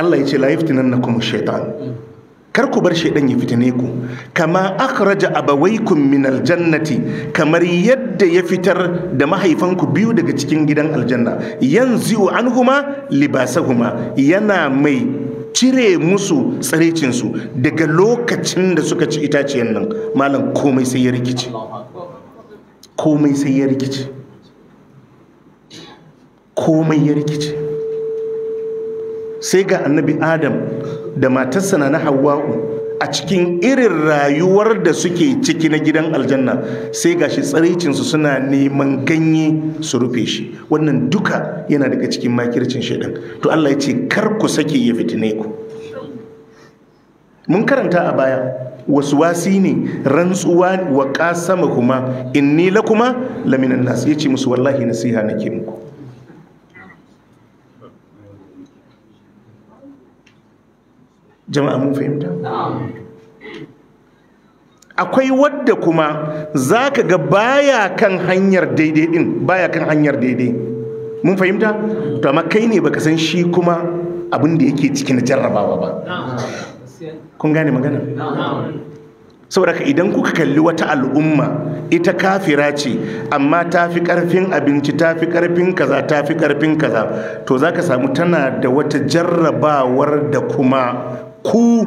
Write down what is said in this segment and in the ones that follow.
Allah ya ce la kuma shaitan kar ku bar shaitan ya fitine ku kama akhraja abawaykum min aljannati kamar yadda ya fitar da mahaifanku biyu daga cikin gidan aljanna yanzu anhuma libasahuma yana mai cire musu tsarecinsu daga lokacin da suka ci itaciyar nan malam komai sai ya rikici komai sai ya rikici komai ya rikici sai ga annabi adam da matarsa na hawa'u a cikin irin rayuwar da suke ciki na gidan aljanna sai gashi tsaricinsu suna neman ganye su rufe shi wannan duka yana daga cikin makircin shaidan to Allah ya ce kar ku sake ya fitine ku mun karanta a baya wasu wasi ne rantsuwa wa kasama kuma inni la kuma laminan nasu. Ya ce musu wallahi nasiha nake muku jama'a mun fahimta akwai wadda kuma za ka ga baya kan hanyar daidai din baya kan hanyar daidai mun fahimta to amma kai ne baka san shi kuma abin da yake cikin jarrabawa ba kun gane magana saboda ka idan kuka kalli wata al'umma ita kafira ce amma ta fi karfin abinci ta fi karfin kaza ta fi karfin kaza to za ka samu tana da wata jarrabawar da kuma ku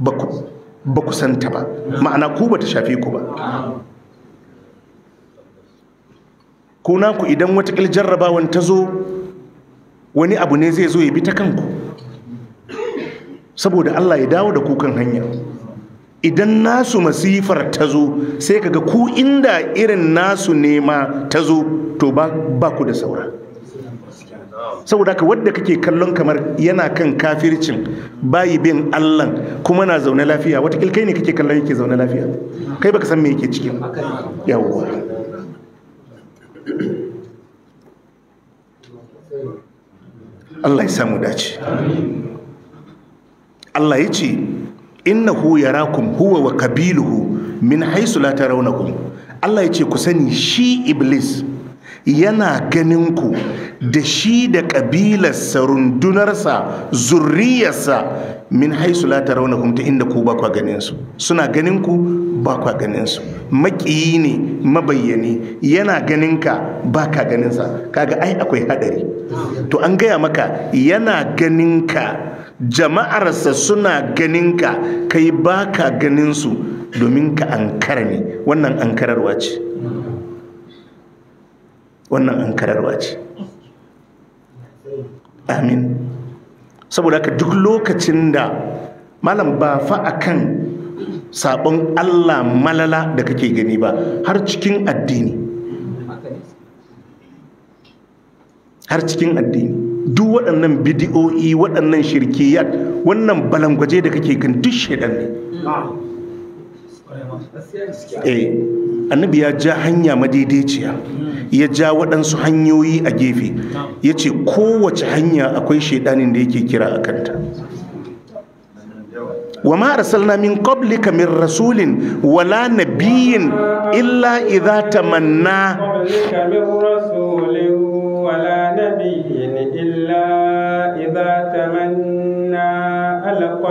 ba ku santa ba ma'ana ku ba ta shafe ku ba ko ku idan watakil jarrabawan ta zo wani abu ne zai zo ya bi ta kanku saboda Allah ya dawo da kukan hanya idan nasu masifar ta zo sai kaga ku inda irin nasu nema ta zo to ba ku da saura saboda haka wadda kake kallon kamar yana kan kafircin bayi bin Allah kuma na zaune lafiya wata kai ne kake kallon yake zaune lafiya kai baka san me yake ciki yawwa Allah ya samu dace Allah ya ce innahu yarakum huwa wa kabiluhu min haisu la tarawnakum Allah ya ce ku sani shi iblis yana ganin ku da shi da ƙabilarsa rundunarsa zurriyarsa min haisu la kuma ta inda ku ba kwa ganin suna ganin ku ba kwa ganin maƙiyi ne mabayyani yana ganin ka ba ka ganin kaga ai akwai haɗari. to an gaya maka yana ganin ka jama'arsa suna ganin ka kai baka ka ganin domin ka ankara ne wannan ankararwa ce wannan an kararwa ce amin saboda haka duk lokacin da malam ba fa kan sabon Allah malala da kake gani ba har cikin addini har cikin addini duk waɗannan bidiyo'i waɗannan shirkiyar, wannan balangwaje da kake gani duk shaidan ne eh annabi ya ja hanya madaidaiciya ya ja waɗansu hanyoyi a gefe ya ce kowace hanya akwai shaidanin da yake kira a kanta wa ma arsalna min qablika min rasulin wala nabiyyin illa idza tamanna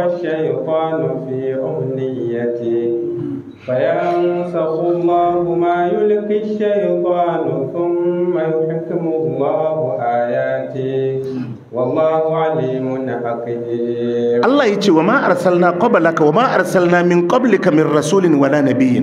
الشيطان في أمنيته فينسخ الله ما يلقي الشيطان ثم يحكم الله آياته والله عليم حكيم الله يجي وما أرسلنا قبلك وما أرسلنا من قبلك من رسول ولا نبي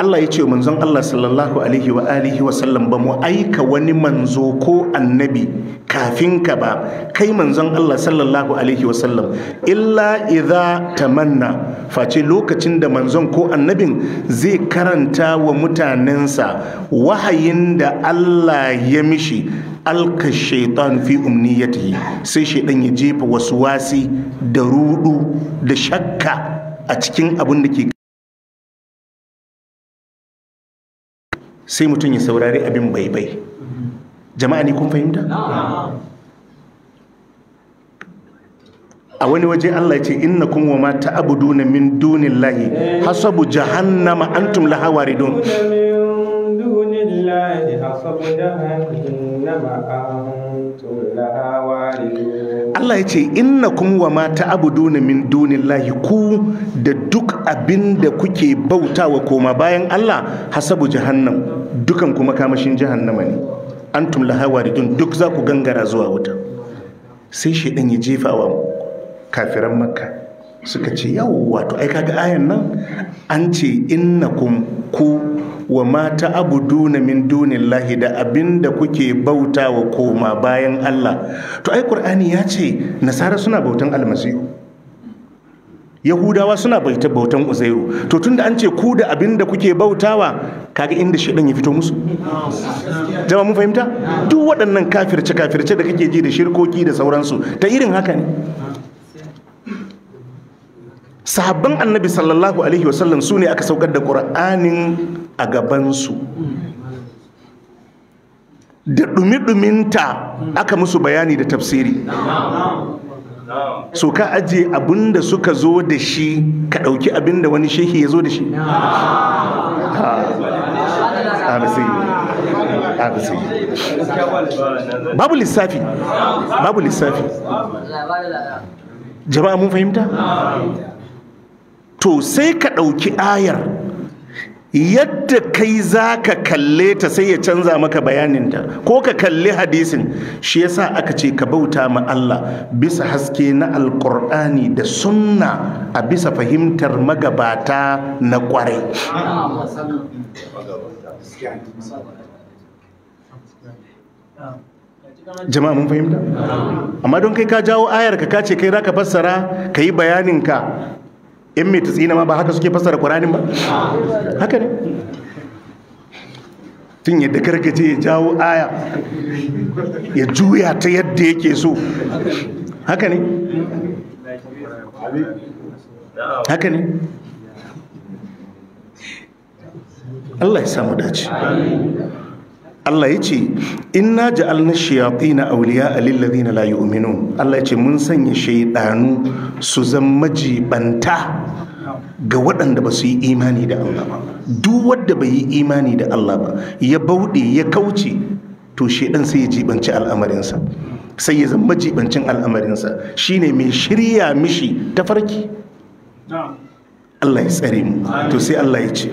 Allah ya ce manzon Allah sallallahu alaihi wa alihi wa sallam ba mu aika wani manzo ko annabi kafin ka ba kai manzon Allah sallallahu alaihi wa sallam illa idza tamanna face lokacin da manzon ko annabin zai karanta wa mutanensa wahayin da Allah ya mishi alka shaitan fi umniyatihi sai shaitan ya jefa wasu wasi da rudu da shakka a cikin abin da ke sai mutum ya saurari abin baibai jama'a ne kun fahimta a wani waje Allah ce "Inna kun wa ma ta'buduna min lahi hasabu jahannama antum laha don Allah ya ce innakum wa ma ta'buduna min lahi ku da duk abin da kuke bautawa koma bayan Allah hasabu jahannam dukan kuma kamashin jahannama ne antum laha duk za ku gangara zuwa wuta sai shedan ya jefa wa kafiran makka suka ce yau wato ai kaga ayan nan an ce kum ku wa mata abuduna min dunillahi da abinda kuke bauta wa koma bayan Allah to ai qur'ani ya ce nasara suna bautan almasihu yahudawa suna bautan uzairu to tunda an ce ku da abin da kuke bautawa kaga inda shaidan ya fito musu jama mun fahimta duk waɗannan kafirce kafirce da kake ji da shirkoki da sauransu ta irin haka ne sahabban annabi sallallahu alaihi wasallam su ne aka saukar da ƙura'anin a gabansu da ɗumi-ɗuminta aka musu bayani da tafsiri so ka ajiye abin da suka zo da shi ka ɗauki abin da wani shehi ya zo da shi ah. babu lissafi babu lissafi jama'a mun fahimta to sai ka ɗauki ayar yadda kai za ka kalle ta sai ya canza maka bayaninta ko ka kalli hadisin shi yasa aka ce ka bauta ma Allah bisa haske na alkur'ani da sunna a bisa fahimtar magabata na kwarai jama'a mun fahimta amma don kai ka jawo ayar ka kace kai zaka fassara ka yi bayaninka in mai tsina ma ba haka suke fassara ƙuranin ba haka ne tun yadda gargaje ya jawo aya ya juya ta yadda yake so haka ne haka ne Allah ya samu dace Allah ya ce inna ja'alna shayatina awliya lil ladina la yu'minun Allah ya ce mun sanya shaydanu su zama jibanta ga waɗanda ba su yi imani da Allah ba duk wanda bai yi imani da Allah ba ya bauɗe ya kauce to shaidan sai ya jibanci al'amarinsa sai ya zama jibancin al'amarinsa shine mai shirya mishi tafarki Allah ya tsare mu to sai Allah ya ce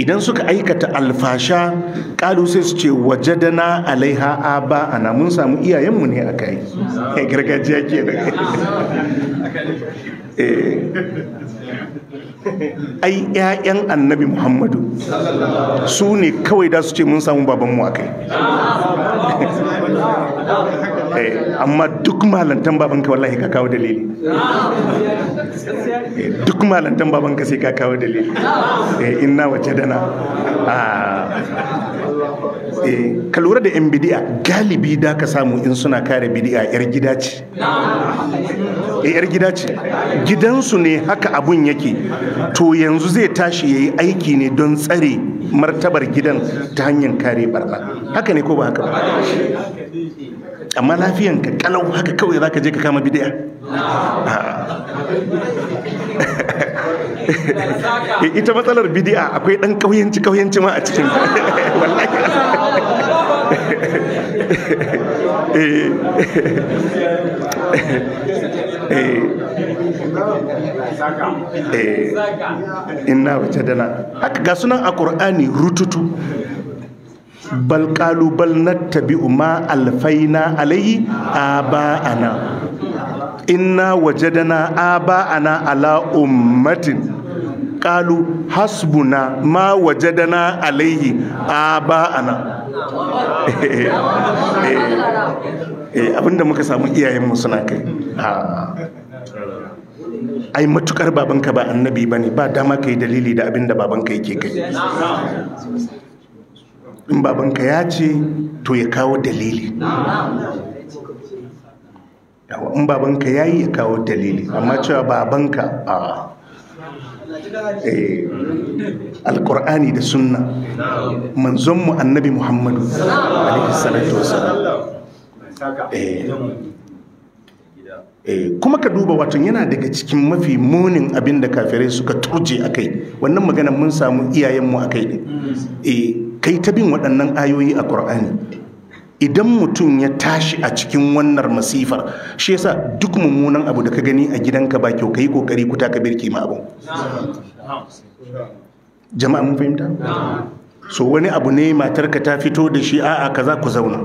idan suka aikata alfasha ƙalu sai su ce wajadana alaiha aba ana mun samu iyayenmu ne a kai ya gargajiya ke da eh. ai ƴaƴan annabi muhammadu su ne kawai da su ce mun samu babanmu a kai Eh, amma duk malantan babanka wallahi ka kawo dalili eh, duk malantan babanka sai ka kawo dalili eh, inna wace dana ah. ka lura da 'yan bidiya. galibi da ka samu in suna kare bidiya 'yar gida ce yar gida ce gidansu ne haka abun yake to yanzu zai tashi ya yi aiki ne don tsare martabar gidan ta hanyar kare barba haka ne ko ba haka ba amma lafiyan ka kalau haka kawai za ka je ka kama bidiya eh, ita matsalar bidiya akwai dan kauyanci kauyanci ma a cikin eh. Eh. inna wace dana haka ga sunan a ƙur'ani rututu bal ƙalu bal nattabi'u ma alfaina alayhi aba'ana inna wajadana aba'ana ala ummatin ƙalu hasbuna ma wajadana alayhi Eh abinda muka samu iyayenmu suna kai ai matukar babanka ba annabi bane ba dama kai dalili da abinda babanka yake kai in babanka ya ce to ya kawo dalili in babanka ya yi ya kawo dalili amma cewa babanka a eh, alkur'ani da sunna manzonmu annabi muhammadu eh, eh, kuma ka duba wato yana daga cikin mafi munin abinda kafirai suka turje a kai wannan maganan mun samu iyayenmu a kai kai ta bin waɗannan ayoyi a ƙur'ani idan mutum ya tashi a cikin wannan masifar shi yasa duk mummunan abu da ka gani a gidanka ba kyau ka yi kokari kuta ka birke ma abu. jama'a mun fahimta so wani abu ne matar ka ta fito da shi a'a kaza ku zauna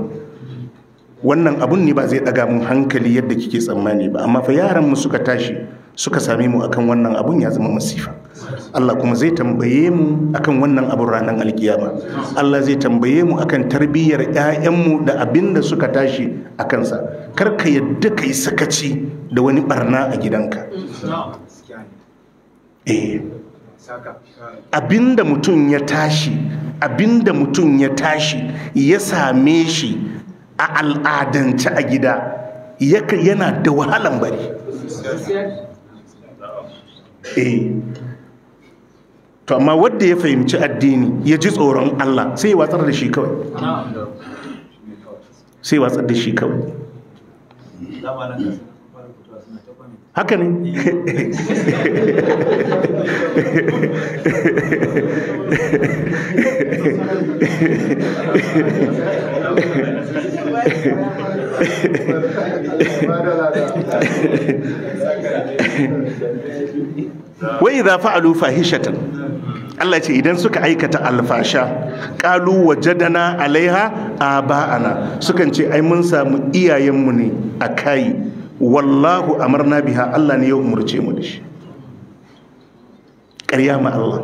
wannan abun ne ba zai ɗaga mun hankali yadda kike tsammani ba amma fa yaran mu suka tashi suka same mu akan wannan abun ya zama masifa Allah kuma zai tambaye mu akan wannan abun ranar alkiyama Allah zai tambaye mu akan tarbiyyar ƴaƴanmu da abin da suka tashi a kansa kar ka yadda ka yi sakaci da wani barna a gidanka eh da mutum ya tashi abin da mutum ya tashi ya same shi a al'adance a gida yana da wahalan bari Eh. to amma wanda ya fahimci addini ya ji tsoron Allah sai ya watsar da shi kawai sai watsar da shi kawai haka ne wa idza fa'alu fahishatan Allah ce idan suka aikata alfasha qalu wajadana alaiha aba'ana sukan ce ai mun samu iyayenmu ne a akai wallahu amarna biha Allah ne ya umurce mu da ƙarya ma Allah